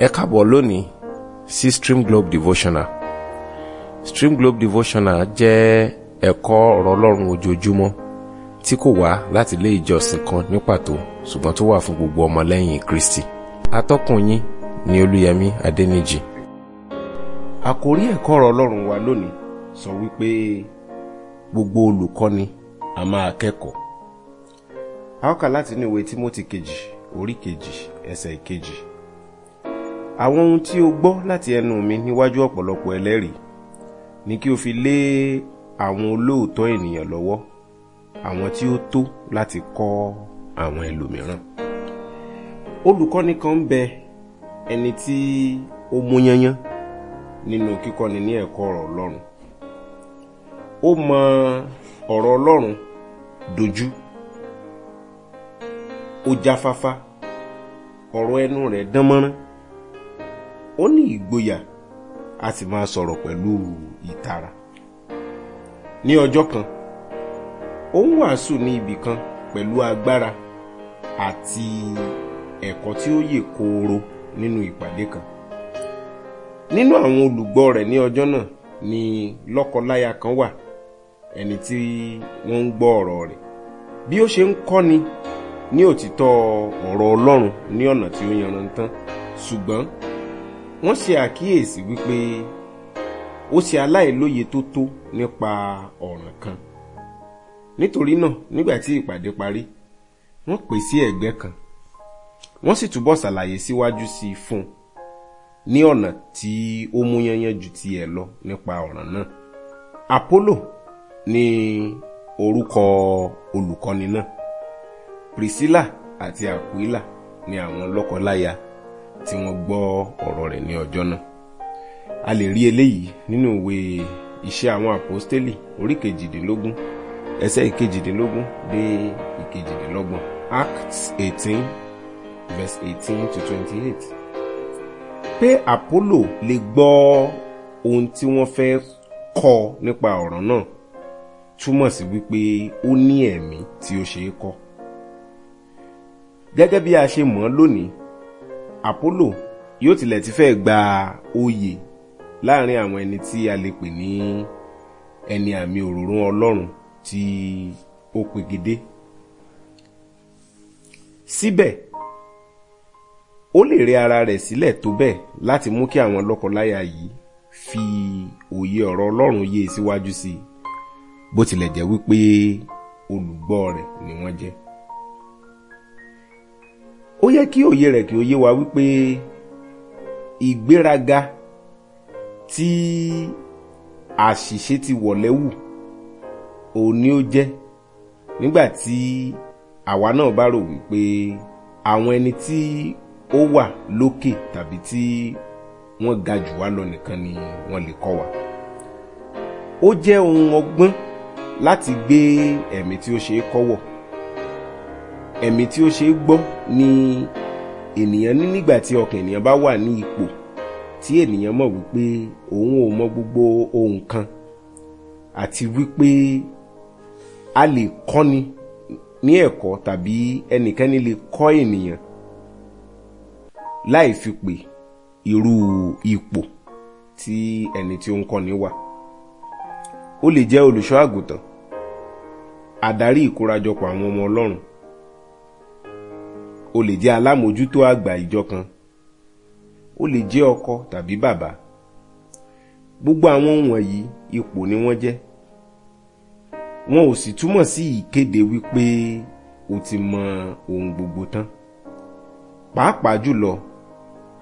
ẹ e lónìí sí si Stream Globe Devotional Stream Globe Devotional jẹ́ ẹ̀kọ́ ọ̀rọ̀ ọlọ́run ojoojúmọ́ tí kò wá láti ilé ìjọsìn kan ní pàtó ṣùgbọ́n tó wà fún gbogbo ọmọlẹ́yìn Kristi atọ́kùn yín ni Olúyẹmí Adẹ́nìjì àkórí ẹ̀kọ́ ọ̀rọ̀ ọlọ́run wa lónìí sọ wípé gbogbo olùkọ́ni a máa kẹ́kọ̀ọ́ a ó láti inú ìwé Tímótì kejì orí kejì ẹsẹ̀ ìkejì àwọn ohun tí o gbọ́ láti ẹnu mi níwájú ọ̀pọ̀lọpọ̀ ẹlẹ́rìí ni kí o fi lé àwọn olóòótọ́ ènìyàn lọ́wọ́ àwọn tí ó tó láti kọ́ àwọn ẹlòmíràn olùkọ́ni kan ń bẹ ẹni tí ó mú yányán nínú kíkọ́ni ní ẹ̀kọ́ ọ̀rọ̀ Ọlọ́run ó mọ ọ̀rọ̀ Ọlọ́run dojú ó jáfáfá ọ̀rọ̀ ẹnu rẹ̀ dánmọ́rán ó ní ìgboyà a sì máa sọ̀rọ̀ pẹ̀lú ìtara. ní ọjọ́ kan ó ń wàásù ní ibì kan pẹ̀lú agbára àti ẹ̀kọ́ tí ó yè kooro nínú ìpàdé kan. nínú àwọn olùgbọ́ rẹ̀ ní ọjọ́ náà ni lọ́kọláya kan wà ẹni tí wọ́n ń gbọ́ ọ̀rọ̀ rẹ̀ bí ó ṣe ń kọ́ni ní òtítọ́ ọ̀rọ̀ Ọlọ́run ní ọ̀nà tí ó yanrantán ṣùgbọ́n wọ́n ṣe àkíyèsí wípé ó ṣe aláìlóye tó tó nípa ọ̀ràn kan nítorí náà nígbà tí ìpàdé parí wọ́n pè sí ẹ̀gbẹ́ kan wọ́n sì túbọ̀ ṣàlàyé síwájú sí i fún un ní ọ̀nà tí ó mú yányán ju ti ẹ̀ lọ nípa ọ̀ràn náà Apollo ni orúkọ olùkọ́ni náà Priscilla àti Aquila ni àwọn lọ́kọláya tí wọ́n gbọ́ ọ̀rọ̀ rẹ̀ ní ọjọ́ náà a lè rí eléyìí nínú ìwé iṣẹ́ àwọn àpọ́stélì orí kejìdínlógún ẹsẹ̀ ìkejìdínlógún dé ìkejìdínlọ́gbọ̀n acts eighteen verse eighteen to twenty-eight pé apollo lè gbọ́ ohun tí wọ́n fẹ́ kọ́ nípa ọ̀rọ̀ náà túmọ̀ sí wípé ó ní ẹ̀mí tí ó ṣe é kọ́ gẹ́gẹ́ bí a ṣe mọ̀ ọ́ lónìí Apollo yóò tilẹ̀ ti fẹ́ gba oyè láàrin àwọn ẹni tí a lè pè ní ẹni àmì òròrùn Ọlọ́run tí ó pegedé síbẹ̀ ó lè rẹ ara rẹ̀ sílẹ̀ tó bẹ́ẹ̀ láti mú kí àwọn lọ́kọláya yìí fi òye ọ̀rọ̀ Ọlọ́run yé e síwájú sí i bó tilẹ̀ jẹ́ wípé olùgbọ́ rẹ̀ ni wọ́n jẹ́ ó yẹ kí òye rẹ̀ kí ó yé wa wípé ìgbéraga tí àṣìṣe ti wọ̀lẹ́wù òun ni ó jẹ́ nígbà tí àwa náà bá rò wípé àwọn ẹni tí ó wà lókè tàbí tí wọ́n ga jù wá lọ nìkan ni wọ́n lè kọ́ wa ó jẹ́ ohun ọgbọ́n láti gbé ẹ̀mí tí ó ṣe é kọ́wọ̀ ẹ̀mí tí ó ṣe é gbọ́ ni ènìyàn ní nígbà tí ọkàn ènìyàn bá wà ní ipò tí ènìyàn mọ̀ wípé òun ò mọ gbogbo ohun kan àti wípé a lè kọ́ni ní ẹ̀kọ́ tàbí ẹnikẹ́ni lè kọ́ ènìyàn láì fi pè irú ipò tí ẹni tí ó ń kọ́ni wà ó lè jẹ́ olùṣọ́ àgùntàn adarí ìkórajọpọ̀ àwọn ọmọ ọlọ́run o lè jẹ́ alámòjútó àgbà ìjọ kan o lè jẹ́ ọkọ tàbí bàbá gbogbo àwọn wọ̀nyí ipò ni wọ́n jẹ́ wọn ò sì túmọ̀ sí ìkéde wípé o ti mọ ohun gbogbo tán pàápàá jùlọ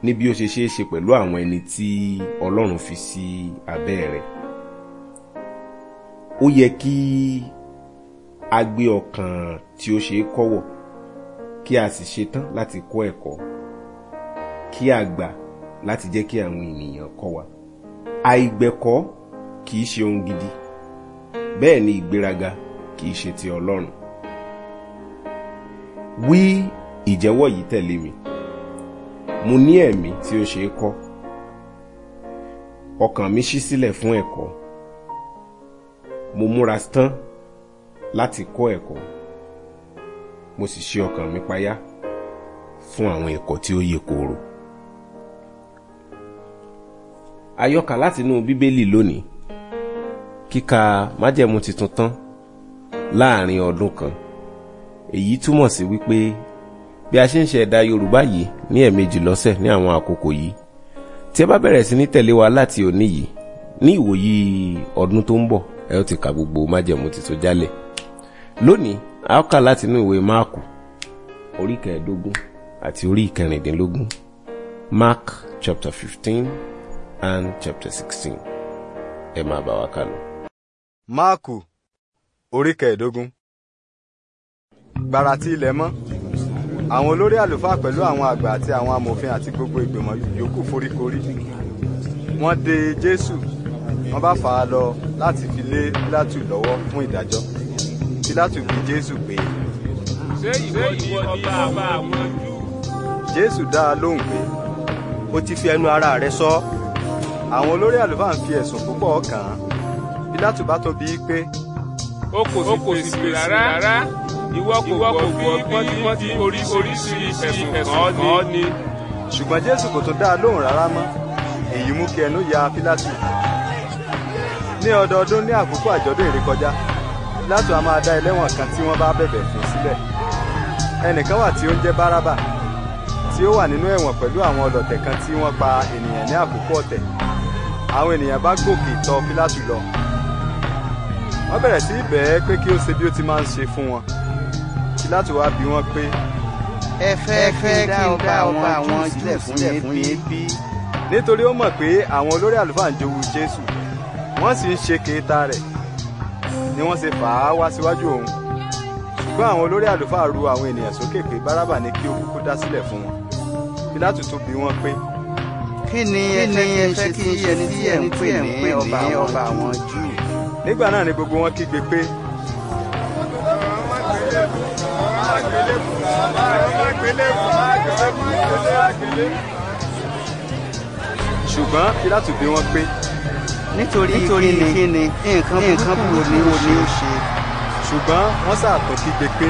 ní bí ó ṣe ṣeé ṣe pẹ̀lú àwọn ẹni tí Ọlọ́run fi sí abẹ́ rẹ̀ ó yẹ kí a gbé ọkàn tí ó ṣeé kọ́wọ̀ kí a sì ṣetán láti kọ́ ẹ̀kọ́ kí a gbà láti jẹ́ kí àwọn ènìyàn kọ́ wa àìgbẹ̀kọ́ kìí ṣe ohun gidi bẹ́ẹ̀ ni ìgbéraga kìí ṣe ti Ọlọ́run wí ìjẹ́wọ́ yìí tẹ̀lé mi mo ní ẹ̀mí tí ó ṣe é kọ́ ọkàn mi ṣí sílẹ̀ fún ẹ̀kọ́ mo múra tán láti kọ́ ẹ̀kọ́. E mo sì ṣe ọkàn mi payá fún àwọn ẹ̀kọ́ tí ó yè kooro. àyọkà látinú bíbélì lónìí kíka májẹ̀mú tuntun tán láàrin ọdún kan èyí túmọ̀ sí wípé bí a ṣe ń ṣẹ̀dá yorùbá yìí ní ẹ̀ẹ̀mejì lọ́sẹ̀ ní àwọn àkókò yìí tí ẹ bá bẹ̀rẹ̀ sí ní tẹ̀lé wa láti òní yìí ní ìwòyí ọdún tó ń bọ̀ ẹ ó ti ka gbogbo májẹ̀mú tuntun jálẹ̀ lónìí a kà láti inú ìwé máàkù orí kẹẹ̀ẹ́dógún àti orí ìkẹrìndínlógún mark chapter fifteen and chapter sixteen ẹ máa bá wa kà lọ. máàkù orí kẹẹ̀ẹ́dógún gbàrà tí ilẹ̀ mọ́ àwọn olórí àlùfáà pẹ̀lú àwọn àgbà àti àwọn amòfin àti gbogbo ìgbìmọ̀ yòókù foríkorí wọ́n de jésù wọ́n bá fà á lọ láti fi lé pílátù lọ́wọ́ fún ìdájọ́ Pílátù bi Jésù pé. ṣé ìwọ ni ọba àwọn Júù? Jésù dá a lóhùn pé o ti fi ẹnu ara rẹ sọ àwọn olórí àlùfáà ń fi ẹ̀sùn púpọ̀ kàn án Pílátù bá tó bí i pé. o kò sì fèsì rárá ìwọ kò gbọ́ bí wọ́n ti oríṣiríṣi ẹ̀sùn kàn ọ́ ni. ṣùgbọ́n Jésù kò tó dá a lóhùn rárá mọ́ èyí mú kí ẹnu ya Pílátù ní ọdọọdún ní àkókò àjọ̀dún ìrékọjá Pílátù a máa dá ẹlẹ́wọ̀n kan tí wọ́n bá bẹ̀bẹ̀ fún sílẹ̀ ẹnìkan wà tí ó ń jẹ́ bárábà tí ó wà nínú ẹ̀wọ̀n pẹ̀lú àwọn ọlọ̀tẹ̀ kan tí wọ́n pa ènìyàn ní àkókò ọ̀tẹ̀ àwọn ènìyàn bá gòkè tọ̀ Pílátù lọ wọ́n bẹ̀rẹ̀ sí í pé kí ó ṣe bí ó ti máa ń ṣe fún wọn Pílátù wá bi wọ́n pé ẹ fẹ́ kí n dá ọba àwọn Júù fún yín bí nítorí ó mọ̀ pé àwọn olórí àlùfáà ń jowú Jésù wọ́n sì ń ṣe kéta rẹ̀ ni wọ́n ṣe fà á wá síwájú òun ṣùgbọ́n àwọn olórí àlùfáà ru àwọn ènìyàn sókè pé bárábà ní kí ó dá sílẹ̀ fún wọn pílátù tún bi wọ́n pé. kí ni ẹ fẹ́ kí n ṣe tí ẹ̀ ń pè ní ọba àwọn júù. nígbà náà ni gbogbo wọn kígbe pé. ṣùgbọ́n pílátù bi wọ́n pé nítorí kí ni nǹkan burúkú ni ó ṣe. ṣùgbọ́n wọ́n ṣàtọ̀ kígbe pé.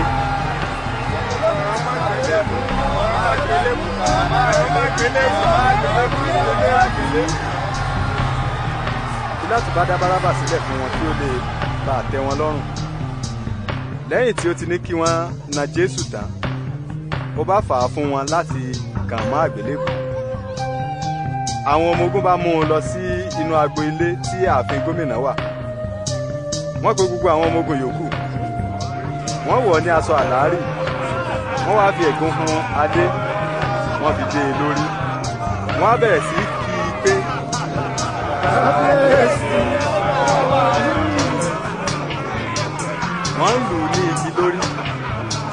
Pílátù bá dá Bárábà sílẹ̀ fún wọn kí ó lè bá a tẹ́ wọn lọ́rùn. Lẹ́yìn tí ó ti ní kí wọ́n na Jésù tán ó bá fà á fún wọn láti kàn mọ́ àgbélébùú. Àwọn ọmọ ogun bá mú un lọ sí sínú agbo ilé tí ààfin gómìnà wà wọ́n pe gbogbo àwọn ọmọ ogun yòókù wọ́n wọ̀ ní aṣọ àlárì wọ́n wá fi ẹ̀gún hun adé wọ́n fi dé e lórí wọ́n á bẹ̀rẹ̀ sí kí i pé. wọ́n lù ú ní igi lórí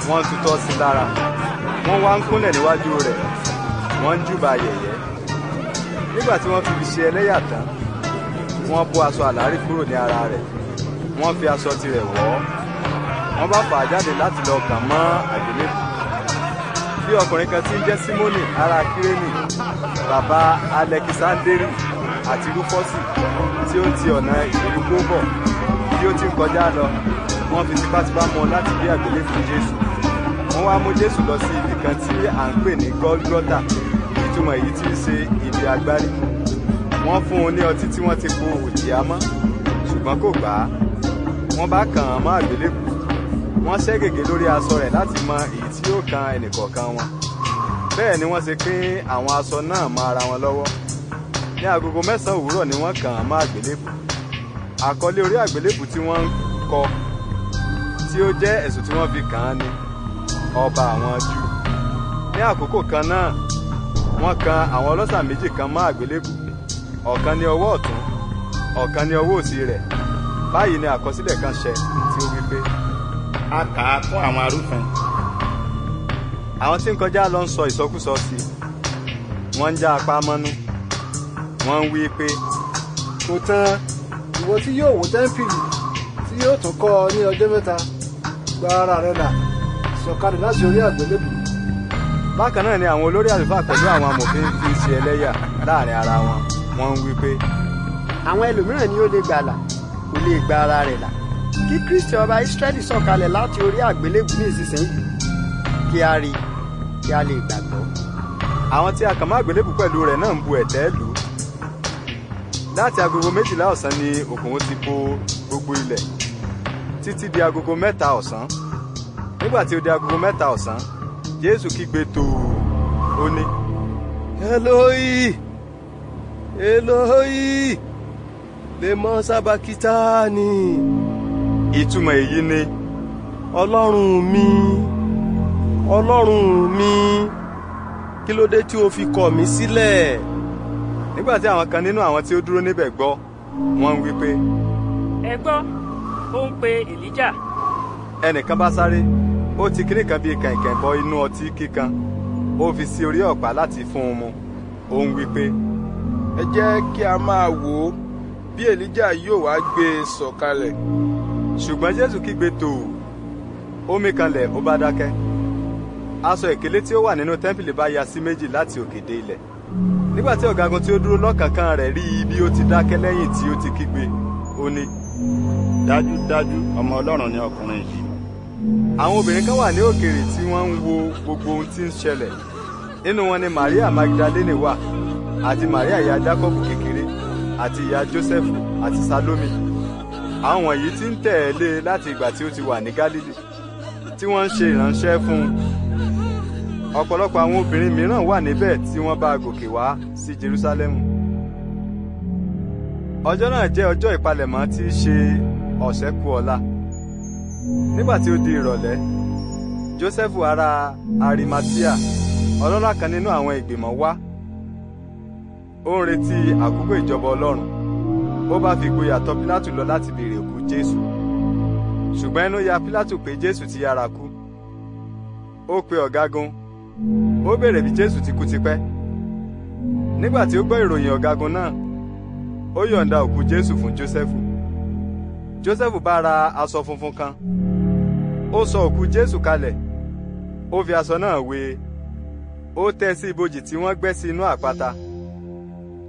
wọ́n tutọ́ sí lára wọ́n wá ń kúnlẹ̀ níwájú rẹ̀ wọ́n ń júbà yẹ̀yẹ́ nígbà tí wọ́n fi ṣe ẹlẹ́yà tán wọ́n bó aṣọ àlárí kúrò ní ara rẹ̀ wọ́n fi aṣọ tirẹ̀ wọ̀ wọ́n bá fà á jáde láti lọ kàn mọ́ àgbélébù bí ọkùnrin kan tí ń jẹ́ símónì ará kírénì bàbá alẹ́kisándérì àti rúfọ́sì tí ó ti ọ̀nà ìlúgbó bọ̀ bí ó ti ń kọjá lọ wọ́n fi tipátipá mọ́ láti bí àgbélébù jésù wọ́n wá mú jésù lọ sí ibì kan tí à ń pè ní gọ́lgọ́tà ìtumọ̀ èyí tí í ṣe ṣe agbárí wọ́n fún un ní ọtí tí wọ́n ti po òjì àmọ́ ṣùgbọ́n kò gbà á wọ́n bá kàn án mọ́ àgbélébù wọ́n ṣẹ́ gègé lórí aṣọ rẹ̀ láti mọ èyí tí yóò kan ẹnìkọ̀ọ̀kan wọn bẹ́ẹ̀ ni wọ́n ṣe pín àwọn aṣọ náà mọ́ ara wọn lọ́wọ́ ní agogo mẹ́sàn-án ni wọ́n kàn án mọ́ àgbélébù àkọlé orí àgbélébù tí wọ́n ń kọ tí ó jẹ́ ẹ̀sùn tí wọ́n fi kàn án ni ọba àwọn jù ní àkókò kan náà wọ́n kan àwọn ọlọ́sà méjì kan mọ́ àgbélébù ọ̀kan ni ọwọ́ ọ̀tún ọ̀kan ni ọwọ́ òsì rẹ̀ báyìí ni àkọsílẹ̀ kan ṣẹ tí ó wí pé. a kà á fún àwọn arúfin. àwọn tí ń kọjá lọ ń sọ ìsọkúsọ sí i wọ́n ń já apá mọ́nú wọ́n ń wí pé. kò tán ìwọ tí yóò wò tẹ́ńpìlì tí yóò tún kọ́ ọ ní ọjọ́ mẹ́ta gba ara rẹ̀ là sọ̀kalẹ̀ láti orí àgbélébù bákan náà ni àwọn olórí àlùfáà pẹ̀lú àwọn amòfin fi ṣe ẹlẹ́yà láàrin ara wọn wọ́n ń wí pé. àwọn ẹlòmíràn ni ó lè gbàlà kò lè gba ara rẹ̀ là kí kristi ọba israẹli sọ̀kalẹ̀ láti orí àgbélébùú ní ìsinsìnyí kí a rí kí a lè gbàgbọ́. àwọn tí a kàn mọ́ àgbélébùú pẹ̀lú rẹ̀ náà ń bu ẹ̀tẹ́ lù ú. láti agogo méjìlá ọ̀sán ni òkùnkùn ti po gbogbo ilẹ̀ títí di agogo mẹ́ta ọ̀sán nígbà tí ó di agogo mẹ́ta ọ̀sán jésù kígbe tòò ó ní. eloi eloi lemọ sábàkítàánì. ìtumọ̀ èyí ni ọlọ́run mi ọlọ́run mi kí ló dé tí o fi kọ̀ mí sílẹ̀. nígbà tí àwọn kan nínú àwọn tí ó dúró níbẹ̀ gbọ́ wọ́n ń wí ẹ gbọ́ ó ń pe èlíjà. ẹnìkan bá sáré ó ti kiri kan bíi kẹ̀kẹ́ bọ inú ọtí kíkan ó fi sí orí ọ̀pá láti fún un mu ó ń wí pé. ẹ jẹ́ kí a máa wò ó bí èlíjà yóò wá gbé e sọ̀kalẹ̀. ṣùgbọ́n jésù kígbe tò ó mí kanlẹ̀ ó bá dákẹ́ aṣọ ìkélé tí ó wà nínú tẹ́ḿpìlì bá ya sí méjì láti òkè dé ilẹ̀ nígbà tí ọ̀gágun tí ó dúró lọ́kànkán rẹ̀ rí i bí ó ti dákẹ́ lẹ́yìn tí ó ti kígbe ó ní. dájúdájú ọmọ ọlọ́run ni ọkùnrin yìí àwọn obìnrin kan wà ní òkèèrè tí wọ́n ń wo gbogbo ohun tí ń ṣẹlẹ̀ nínú wọn ni maria magdalene wà àti maria ìyá jacob kékeré àti ìyá joseph àti salome àwọn wọ̀nyí ti ń tẹ̀lé e láti ìgbà tí ó ti wà ní galilei tí wọ́n ń ṣe ìránṣẹ́ fún un ọ̀pọ̀lọpọ̀ àwọn obìnrin mìíràn wà níbẹ̀ tí wọ́n bá gòkè wá sí jerusalem ọjọ́ náà jẹ́ ọjọ́ ìpalẹ̀mọ́ tí í ṣe ọ̀sẹ̀ kù ọ̀la nígbà tí ó di ìrọ̀lẹ́ Jósẹ́fù ará Arimatia ọlọ́lá kan nínú àwọn ìgbìmọ̀ wá ó ń retí àkókò ìjọba Ọlọ́run ó bá fi gboyà tọ̀ Pílátù lọ láti béèrè òkú Jésù ṣùgbọ́n inú ya Pílátù pé Jésù ti yára kú ó pe ọ̀gágun ó béèrè bí Jésù ti kú tipẹ́ nígbà tí ó gbọ́ ìròyìn ọ̀gágun náà ó yọ̀ǹda òkú Jésù fún Jósẹ́fù Jósẹ́fù bá ra aṣọ funfun kan ó sọ òkú jésù kalẹ̀ ó fi aṣọ náà wé e ó tẹ́ sí ibojì tí wọ́n gbẹ́ sí inú àpáta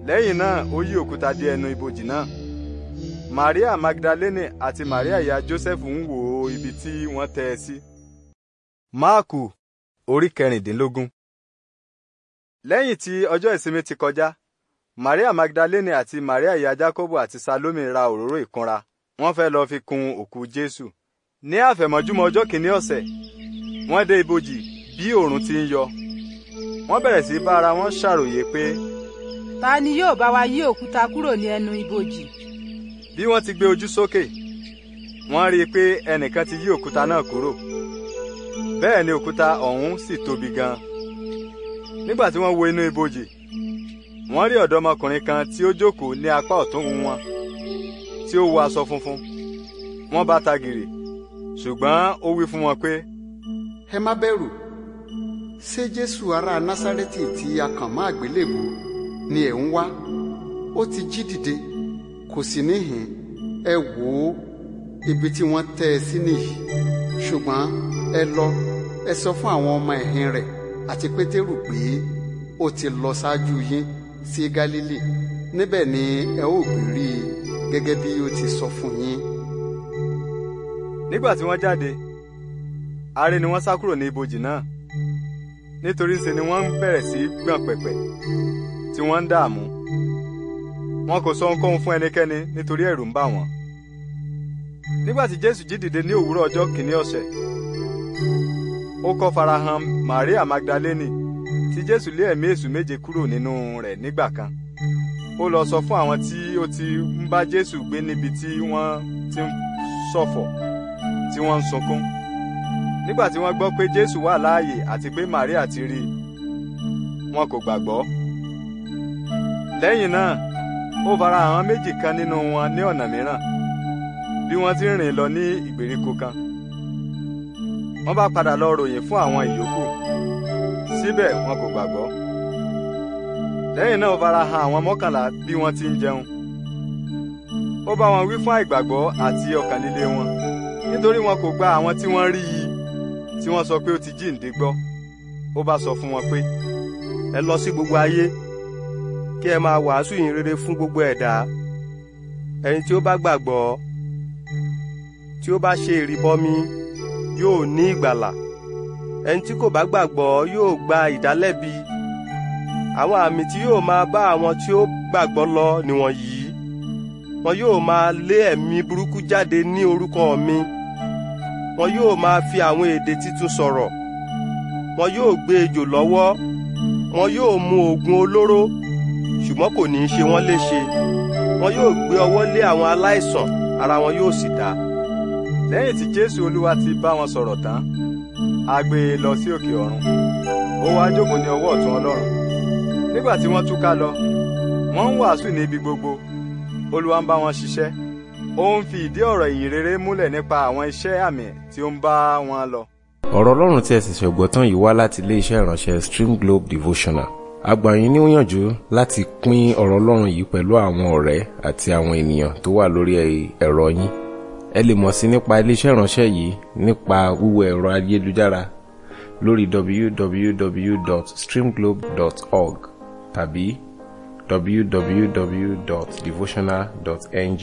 lẹ́yìn náà ó yí òkúta dí ẹnu ibojì náà maria magdalene àti maria ìyá joseph ń wò ó ibi tí wọ́n tẹ́ ẹ sí. máàkù orí kẹrìndínlógún. lẹ́yìn tí ọjọ́ ìsinmi ti kọjá maria magdalene àti maria ìyá jacobo àti salome ra òróró ìkunra wọ́n fẹ́ lọ fi kun òkú jésù ní àfẹ̀mọ́júmọ́ ọjọ́ kìíní ọ̀sẹ̀ wọ́n dé ibojì bí oòrùn ti ń yọ wọ́n bẹ̀rẹ̀ sí bá ara wọn ṣàròyé pé. ta ni yóò bá wa yí òkúta kúrò ní ẹnu ibojì. bí wọ́n ti gbé ojú sókè wọ́n rí i pé ẹnìkan ti yí òkúta náà kúrò bẹ́ẹ̀ ni òkúta ọ̀hún sì tóbi gan-an nígbà tí wọ́n wo inú ibojì wọ́n rí ọ̀dọ́mọkùnrin kan tí ó jókòó ní apá ọ̀tún wọn tí ó wọ aṣọ funfun wọ́n bá ta gìrì ṣùgbọ́n ó wí fún wọn pé. ẹ má bẹ̀rù ṣé jésù ará násárẹ́tì tí a kàn ni ẹ̀ ń wá ó ti jí dìde kò sí níhìn ẹ wò ó ibi tí wọ́n tẹ́ ẹ sí nìyí ṣùgbọ́n ẹ lọ ẹ sọ fún àwọn ọmọ ẹ̀hìn rẹ̀ àti pétérù pé ó ti lọ ṣáájú yín sí gálílì níbẹ̀ ni ẹ ó rí i gẹ́gẹ́ bí ó ti sọ fún yín nígbà tí wọ́n jáde aré ni wọ́n sá kúrò ní ibojì náà nítorí ṣe ni wọ́n ń bẹ̀rẹ̀ sí í gbọ̀n pẹ̀pẹ̀ tí wọ́n ń dààmú wọn kò sọ ohunkóhun fún ẹnikẹ́ni nítorí ẹ̀rù ń bà wọ́n nígbà tí jésù jí dìde ní òwúrọ̀ ọjọ́ kìíní ọ̀sẹ̀ ó kọ́ farahàn maria magdaleni tí jésù lé ẹ̀mí èṣù méje kúrò nínú rẹ̀ nígbà kan ó lọ sọ fún àwọn tí ó ti ń bá jésù gbé níbi tí wọ́n ti ń ṣọ̀fọ̀ tí wọ́n ń sunkún nígbà tí wọ́n gbọ́ pé jésù wà láàyè àti pé maria ti rí i wọn kò gbàgbọ́ lẹ́yìn náà ó fara àwọn méjì kan nínú wọn ní ọ̀nà mìíràn bí wọ́n ti rìn lọ ní ìgbèríko kan wọ́n bá padà lọ ròyìn fún àwọn ìyókù síbẹ̀ wọn kò gbàgbọ́ lẹ́yìn náà ó fara hàn àwọn mọ́kànlá bí wọ́n ti ń jẹun ó bá wọn wí fún àìgbàgbọ́ àti ọkàn líle wọn nítorí wọn kò gba àwọn tí wọ́n rí i tí wọ́n sọ pé ó ti jíǹde gbọ́ ó bá sọ fún wọn pé ẹ lọ sí gbogbo ayé kí ẹ máa wàásù ìyìn rere fún gbogbo ẹ̀dá ẹni tí ó bá gbàgbọ́ tí ó bá ṣe ìrìbọmi yóò ní ìgbàlà ẹni tí kò bá gbàgbọ́ yóò gba ìdálẹ́bi àwọn àmì tí yóò máa bá àwọn tí ó gbàgbọ́ lọ nìwọ̀nyí wọn yóò máa lé ẹ̀mí burúkú jáde ní orúkọ mi wọn yóò máa fi àwọn èdè tuntun sọ̀rọ̀ wọn yóò gbé ejò lọ́wọ́ wọn yóò mu oògùn olóró ṣùgbọ́n kò ní í ṣe wọ́n léṣe wọn yóò gbé ọwọ́ lé àwọn aláìsàn ara wọn yóò sì dá. lẹ́yìn tí jésù olúwa ti bá wọn sọ̀rọ̀ tán a gbé e lọ sí òkè ọ̀run ó wá jókòó ní ọwọ́ ọ̀tún ọlọ́run nígbà tí wọ́n túká lọ wọ́n ń wàásù ní gbogbo olúwa ń bá wọn ṣiṣẹ́ ó ń fi ìdí ọ̀rọ̀ ìyìn rere múlẹ̀ nípa àwọn iṣẹ́ àmì tí ó ń bá wọn lọ. ọ̀rọ̀ ọlọ́run tí ẹ sì ṣẹ̀gbọ́ tán yìí wá láti iléeṣẹ́ ìránṣẹ́ Stream Globe Devotional agbanyin ní òyànjú láti pín ọ̀rọ̀ ọlọ́run yìí pẹ̀lú àwọn ọ̀rẹ́ àti àwọn ènìyàn tó wà lórí ẹ̀rọ yín ẹ lè mọ̀ sí nípa iléeṣẹ́ ìránṣẹ́ yìí nípa wíwọ ẹ̀rọ ayélujára lórí www.streamglobe.org tàbí www.devotional.ng